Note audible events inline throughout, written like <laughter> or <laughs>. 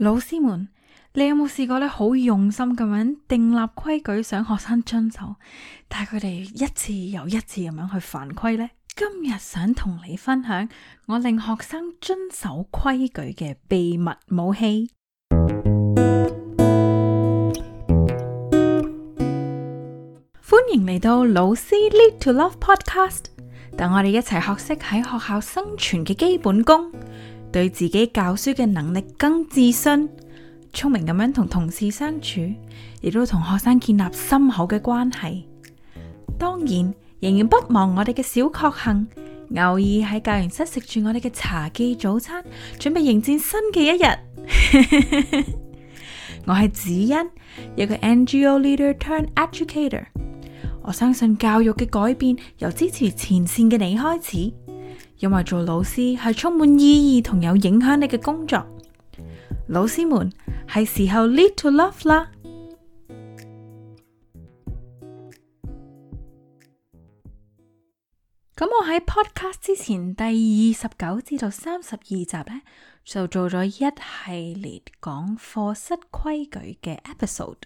老師們，你有冇試過咧，好用心咁樣訂立規矩，想學生遵守，但係佢哋一次又一次咁樣去犯規呢？今日想同你分享我令學生遵守規矩嘅秘密武器。 <music> 歡迎嚟到老師 Lead to Love Podcast，等我哋一齊學識喺學校生存嘅基本功。對自己教書嘅能力更自信，聰明咁樣同同事相處，亦都同學生建立深厚嘅關係。當然，仍然不忘我哋嘅小確幸，偶爾喺教員室食住我哋嘅茶記早餐，準備迎戰新嘅一日。 <laughs> 我係子欣，一個 NGO leader turned educator。我相信教育嘅改變由支持前線嘅你開始。因為做老師係充滿意義同有影響力嘅工作，老師們係時候 lead to love 啦。咁我喺 podcast 之前第二十九至到三十二集呢，就做咗一系列講課室規矩嘅 episode。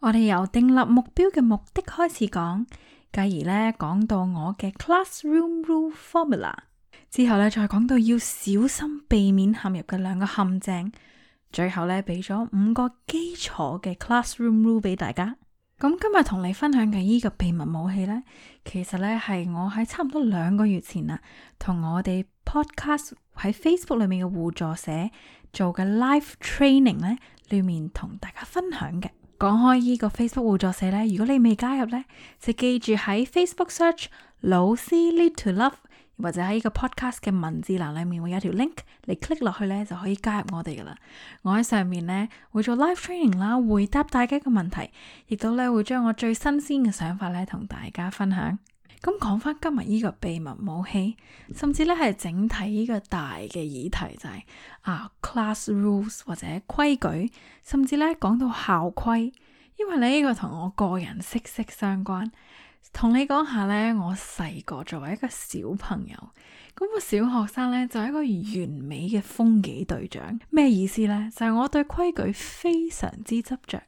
我哋由訂立目標嘅目的開始講，繼而呢講到我嘅 classroom rule formula。之後咧，再講到要小心避免陷入嘅兩個陷阱，最後咧俾咗五個基礎嘅 Classroom Rule 俾大家。咁今日同你分享嘅呢個秘密武器呢，其實呢，係我喺差唔多兩個月前啦，同我哋 Podcast 喺 Facebook 裏面嘅互助社做嘅 Live Training 呢，裏面同大家分享嘅。講開呢個 Facebook 互助社呢，如果你未加入呢，就記住喺 Facebook Search 老師 Lead to Love。或者喺呢個 podcast 嘅文字欄裏面會有條 link 你 click 落去咧，就可以加入我哋噶啦。我喺上面咧會做 live training 啦，回答大家嘅問題，亦都咧會將我最新鮮嘅想法咧同大家分享。咁講翻今日呢個秘密武器，甚至咧係整體呢個大嘅議題就係、是、啊 class rules 或者規矩，甚至咧講到校規，因為咧呢個同我個人息息相關。同你講下咧，我細個作為一個小朋友，咁個小學生咧，就係一個完美嘅風紀隊長。咩意思呢？就係我對規矩非常之執着。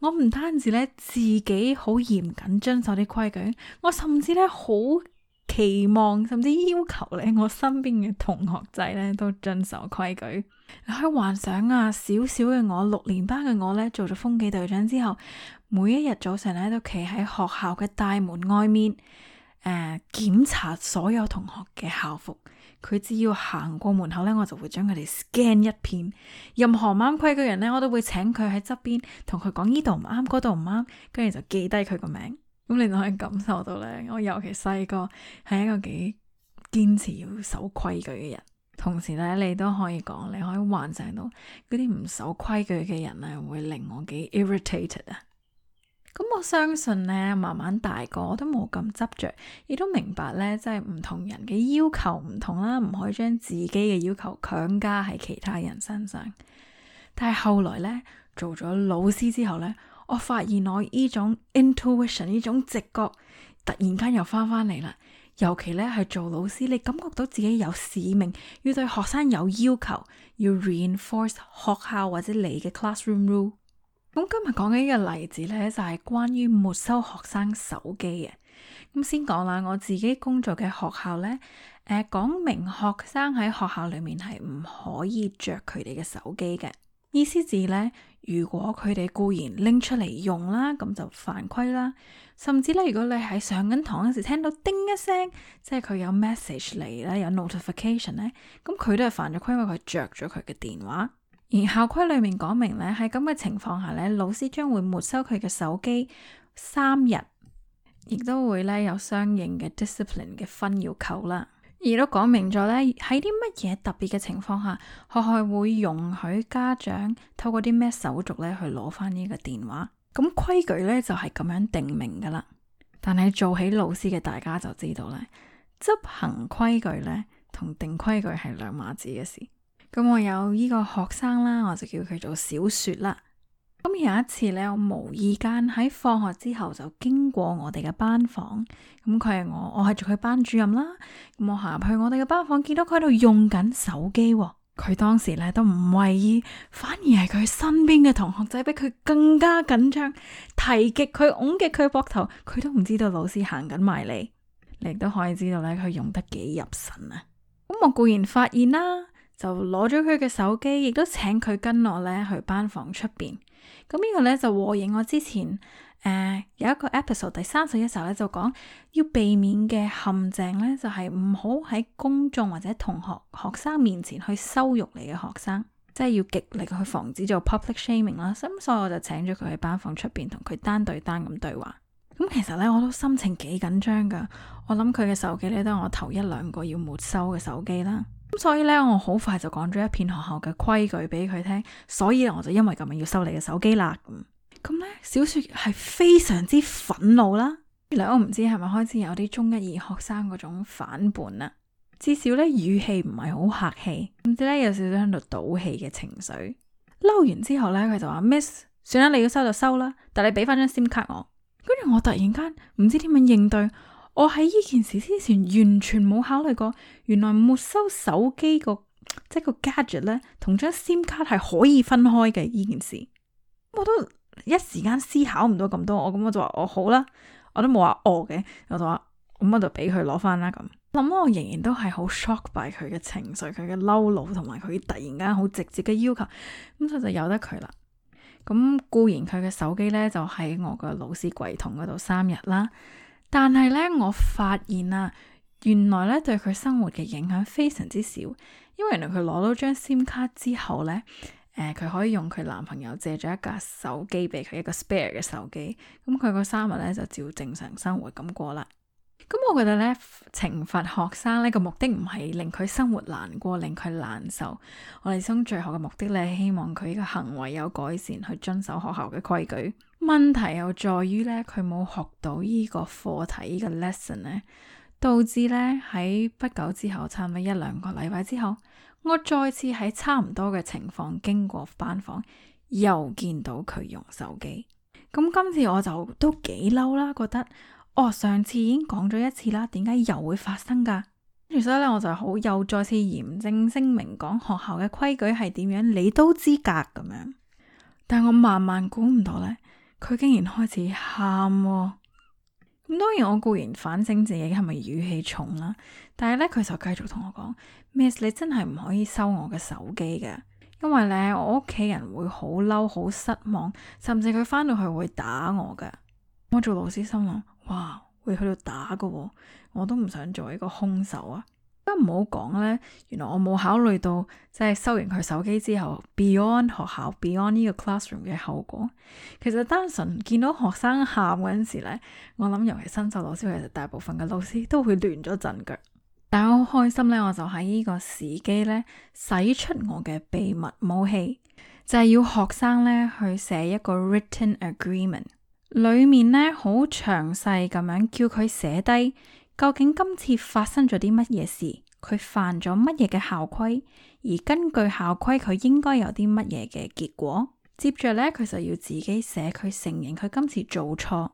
我唔單止咧自己好嚴謹遵守啲規矩，我甚至咧好期望，甚至要求咧我身邊嘅同學仔咧都遵守規矩。喺幻想啊，小小嘅我，六年班嘅我咧，做咗風紀隊長之後。每一日早上咧，都企喺學校嘅大門外面，誒、呃、檢查所有同學嘅校服。佢只要行過門口咧，我就會將佢哋 scan 一片。任何唔啱規矩人咧，我都會請佢喺側邊同佢講，呢度唔啱，嗰度唔啱，跟住就記低佢個名。咁你就可以感受到咧，我尤其細個係一個幾堅持要守規矩嘅人。同時咧，你都可以講，你可以幻想到嗰啲唔守規矩嘅人咧，會令我幾 irritated 啊。咁我相信呢，慢慢大個都冇咁執着，亦都明白呢，即係唔同人嘅要求唔同啦，唔可以將自己嘅要求強加喺其他人身上。但係後來呢，做咗老師之後呢，我發現我呢種 intuition 呢種直覺，突然間又翻返嚟啦。尤其呢，係做老師，你感覺到自己有使命，要對學生有要求，要 reinforce 學校或者你嘅 classroom rule。咁今日講嘅呢個例子呢，就係、是、關於沒收學生手機嘅。咁先講啦，我自己工作嘅學校呢，誒、呃，講明學生喺學校裏面係唔可以着佢哋嘅手機嘅。意思指呢，如果佢哋固然拎出嚟用啦，咁就犯規啦。甚至呢，如果你喺上緊堂嗰時聽到叮一聲，即係佢有 message 嚟咧，有 notification 呢，咁佢都係犯咗規，因為佢着咗佢嘅電話。而校規裏面講明咧，喺咁嘅情況下咧，老師將會沒收佢嘅手機三日，亦都會咧有相應嘅 discipline 嘅分要求啦。而都講明咗咧，喺啲乜嘢特別嘅情況下，學校會容許家長透過啲咩手續咧去攞翻呢個電話。咁規矩咧就係、是、咁樣定名噶啦。但係做起老師嘅大家就知道啦，執行規矩咧同定規矩係兩碼子嘅事。咁我有呢個學生啦，我就叫佢做小雪啦。咁有一次咧，我無意間喺放學之後就經過我哋嘅班房，咁佢係我，我係做佢班主任啦。咁我行入去我哋嘅班房，見到佢喺度用緊手機、喎。佢當時咧都唔為意，反而係佢身邊嘅同學仔、就是、比佢更加緊張，提極佢、拱極佢膊頭，佢都唔知道老師行緊埋嚟。你都可以知道咧，佢用得幾入神啊！咁我固然發現啦。就攞咗佢嘅手機，亦都請佢跟我咧去班房出邊。咁呢個咧就和應我之前誒、呃、有一個 episode，第三十一集嘅時候咧就講要避免嘅陷阱咧就係唔好喺公眾或者同學學生面前去羞辱你嘅學生，即係要極力去防止做 public shaming 啦。咁所以我就請咗佢去班房出邊同佢單對單咁對話。咁其實咧我都心情幾緊張噶，我諗佢嘅手機咧都係我頭一兩個要沒收嘅手機啦。咁所以咧，我好快就講咗一片學校嘅規矩俾佢聽，所以咧我就因為咁樣要收你嘅手機啦。咁咁咧，小雪係非常之憤怒啦。原來我唔知係咪開始有啲中一二學生嗰種反叛啦。至少咧語氣唔係好客氣，唔知咧有少少喺度賭氣嘅情緒。嬲完之後咧，佢就話：Miss，算啦，你要收就收啦，但你俾翻張 SIM 卡我。跟住我突然間唔知點樣應對。我喺呢件事之前完全冇考慮過，原來沒收手機個即係個 gadget 咧，同張 sim 卡係可以分開嘅呢件事。我都一時間思考唔到咁多，我咁我就話我好啦，我都冇話惡嘅，我就話咁我就俾佢攞翻啦。咁諗我仍然都係好 shock by 佢嘅情緒，佢嘅嬲怒同埋佢突然間好直接嘅要求，咁所以就由得佢啦。咁固然佢嘅手機咧就喺我個老師櫃桶嗰度三日啦。但係咧，我發現啊，原來咧，對佢生活嘅影響非常之少，因為原來佢攞到張 SIM 卡之後咧，誒、呃，佢可以用佢男朋友借咗一架手機俾佢一個 spare 嘅手機，咁佢個三日咧，就照正常生活咁過啦。咁、嗯、我覺得咧，懲罰學生呢個目的唔係令佢生活難過，令佢難受。我哋想最後嘅目的咧，希望佢嘅行為有改善，去遵守學校嘅規矩。問題又在於咧，佢冇學到呢個課題依、呢個 lesson 咧，導致咧喺不久之後，差唔多一兩個禮拜之後，我再次喺差唔多嘅情況經過班房，又見到佢用手機。咁、嗯、今次我就都幾嬲啦，覺得。哦，上次已經講咗一次啦，點解又會發生噶？跟住所以咧，我就好又再次嚴正聲明，講學校嘅規矩係點樣，你都知噶咁樣。但係我慢慢估唔到咧，佢竟然開始喊，哦。咁當然我固然反省自己係咪語氣重啦，啊，但係咧佢就繼續同我講 s 你真係唔可以收我嘅手機嘅，因為咧我屋企人會好嬲、好失望，甚至佢翻到去會打我嘅。我做老師心諗。哇，會去到打噶喎，我都唔想做呢個兇手啊！都唔好講呢。原來我冇考慮到，即係收完佢手機之後，Beyond 學校 Beyond 呢個 classroom 嘅後果。其實單純見到學生喊嗰陣時呢，我諗尤其新手老師其實大部分嘅老師都會亂咗陣腳。但我好開心呢，我就喺呢個時機呢，使出我嘅秘密武器，就係要學生呢去寫一個 written agreement。裏面咧，好詳細咁樣叫佢寫低究竟今次發生咗啲乜嘢事，佢犯咗乜嘢嘅校規，而根據校規佢應該有啲乜嘢嘅結果。接着咧，佢就要自己寫佢承認佢今次做錯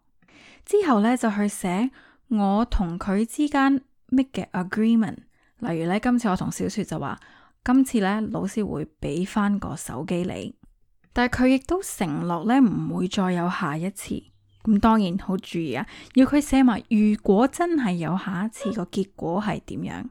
之後咧，就去寫我同佢之間 make 嘅 agreement。例如咧，今次我同小雪就話今次咧，老師會俾翻個手機你。但係佢亦都承諾咧唔會再有下一次，咁當然好注意啊，要佢寫埋如果真係有下一次個 <noise> 結果係點樣，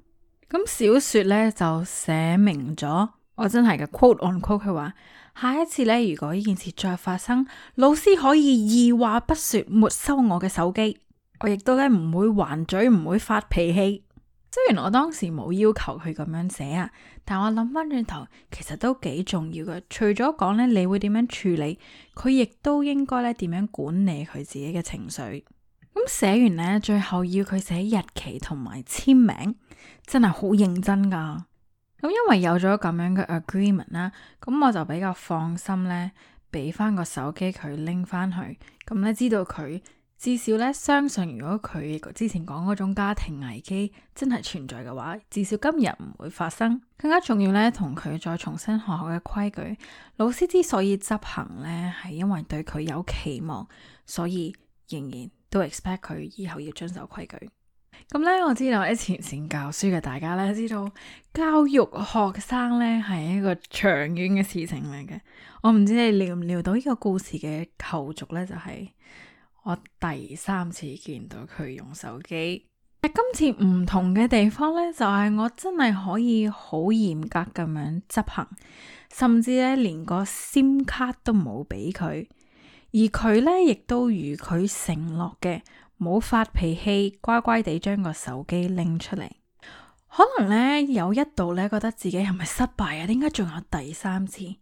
咁小說咧就寫明咗，我真係嘅 quote on quote，佢話下一次咧如果呢件事再發生，老師可以二話不說沒收我嘅手機，我亦都咧唔會還嘴，唔會發脾氣。雖然我當時冇要求佢咁樣寫啊，但我諗翻轉頭，其實都幾重要噶。除咗講咧，你會點樣處理，佢亦都應該咧點樣管理佢自己嘅情緒。咁寫完咧，最後要佢寫日期同埋簽名，真係好認真噶。咁因為有咗咁樣嘅 Agreement 啦，咁我就比較放心咧，俾翻個手機佢拎翻去，咁咧知道佢。至少咧，相信如果佢之前講嗰種家庭危機真係存在嘅話，至少今日唔會發生。更加重要咧，同佢再重新學校嘅規矩。老師之所以執行咧，係因為對佢有期望，所以仍然都 expect 佢以後要遵守規矩。咁、嗯、咧，我知道喺前線教書嘅大家咧，知道教育學生咧係一個長遠嘅事情嚟嘅。我唔知你哋聊唔聊到呢個故事嘅後續咧，就係、是。我第三次見到佢用手機，今次唔同嘅地方呢，就係我真係可以好嚴格咁樣執行，甚至咧連個 SIM 卡都冇俾佢，而佢呢，亦都如佢承諾嘅，冇發脾氣，乖乖地將個手機拎出嚟。可能呢，有一度呢，覺得自己係咪失敗啊？點解仲有第三次？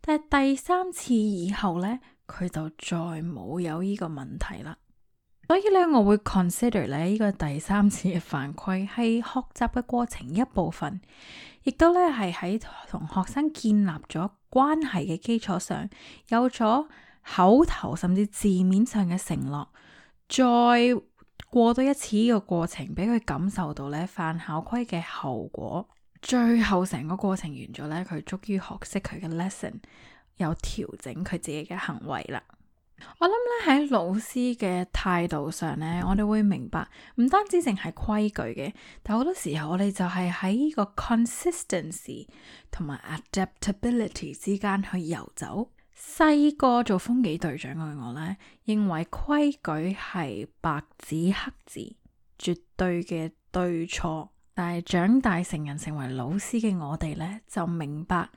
但係第三次以後呢。佢就再冇有呢個問題啦，所以咧我會 consider 咧呢個第三次嘅犯規係學習嘅過程一部分，亦都咧係喺同學生建立咗關係嘅基礎上，有咗口頭甚至字面上嘅承諾，再過多一次呢個過程，俾佢感受到咧犯校規嘅後果，最後成個過程完咗咧，佢終於學識佢嘅 lesson。有調整佢自己嘅行為啦。我諗咧喺老師嘅態度上咧，我哋會明白唔單止淨係規矩嘅，但好多時候我哋就係喺呢個 consistency 同埋 adaptability 之間去游走。細個做風紀隊長嘅我咧，認為規矩係白紙黑字，絕對嘅對錯。但係長大成人成為老師嘅我哋咧，就明白。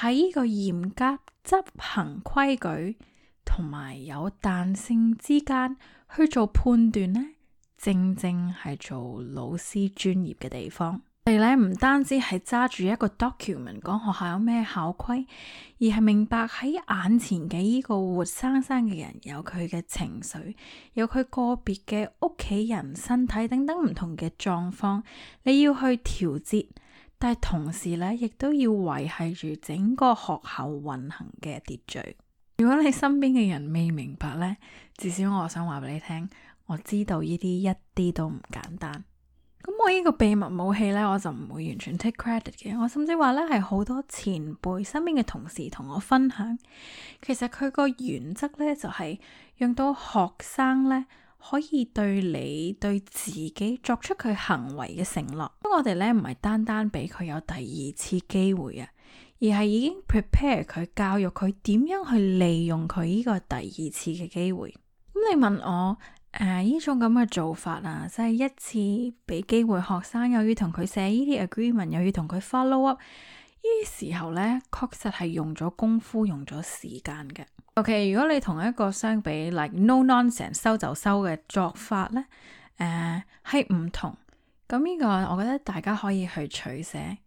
喺呢個嚴格執行規矩同埋有彈性之間去做判斷呢，正正係做老師專業嘅地方。你咧唔單止係揸住一個 document 講學校有咩校規，而係明白喺眼前嘅呢個活生生嘅人有佢嘅情緒，有佢個別嘅屋企人身體等等唔同嘅狀況，你要去調節。但係同時咧，亦都要維繫住整個學校運行嘅秩序。如果你身邊嘅人未明白呢，至少我想話俾你聽，我知道呢啲一啲都唔簡單。咁我呢個秘密武器呢，我就唔會完全 take credit 嘅。我甚至話呢係好多前輩身邊嘅同事同我分享，其實佢個原則呢，就係用到學生呢。可以對你對自己作出佢行為嘅承諾，咁我哋咧唔係單單俾佢有第二次機會啊，而係已經 prepare 佢教育佢點樣去利用佢呢個第二次嘅機會。咁、嗯、你問我誒呢、呃、種咁嘅做法啊，即、就、係、是、一次俾機會學生，又要同佢寫呢啲 agreement，又要同佢 follow up，呢啲時候呢，確實係用咗功夫，用咗時間嘅。OK，如果你同一個相比，like no nonsense 收就收嘅作法呢，誒係唔同。咁、這、呢個我覺得大家可以去取捨。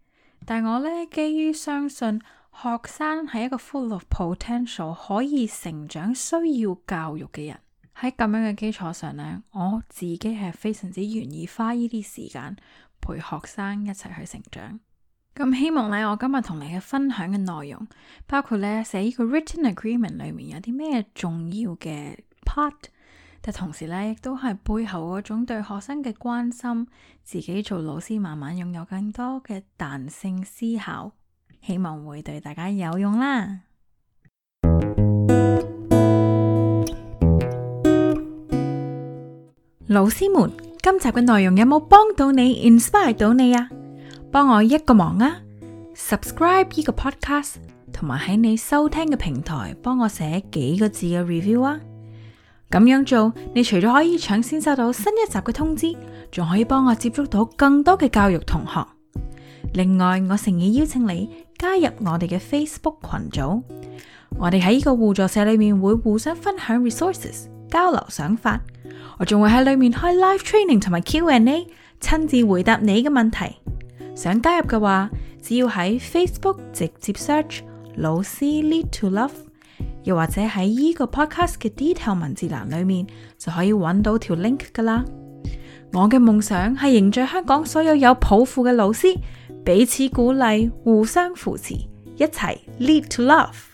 但我呢，基於相信學生係一個 full of potential 可以成長，需要教育嘅人。喺咁樣嘅基礎上呢，我自己係非常之願意花呢啲時間陪學生一齊去成長。咁希望咧，我今日同你嘅分享嘅內容，包括咧寫呢個 written agreement 裏面有啲咩重要嘅 part，但同時咧亦都係背後嗰種對學生嘅關心，自己做老師慢慢擁有更多嘅彈性思考，希望會對大家有用啦。老師們，今集嘅內容有冇幫到你，inspire 到你啊？幫我一個忙啊！Subscribe 呢個 podcast，同埋喺你收聽嘅平台幫我寫幾個字嘅 review 啊。咁樣做，你除咗可以搶先收到新一集嘅通知，仲可以幫我接觸到更多嘅教育同學。另外，我誠意邀請你加入我哋嘅 Facebook 群組。我哋喺呢個互助社裏面會互相分享 resources，交流想法。我仲會喺裏面開 live training 同埋 Q&A，親自回答你嘅問題。想加入嘅話，只要喺 Facebook 直接 search 老師 lead to love，又或者喺呢個 podcast 嘅 detail 文字欄裏面，就可以搵到條 link 噶啦。我嘅夢想係凝聚香港所有有抱負嘅老師，彼此鼓勵，互相扶持，一齊 lead to love。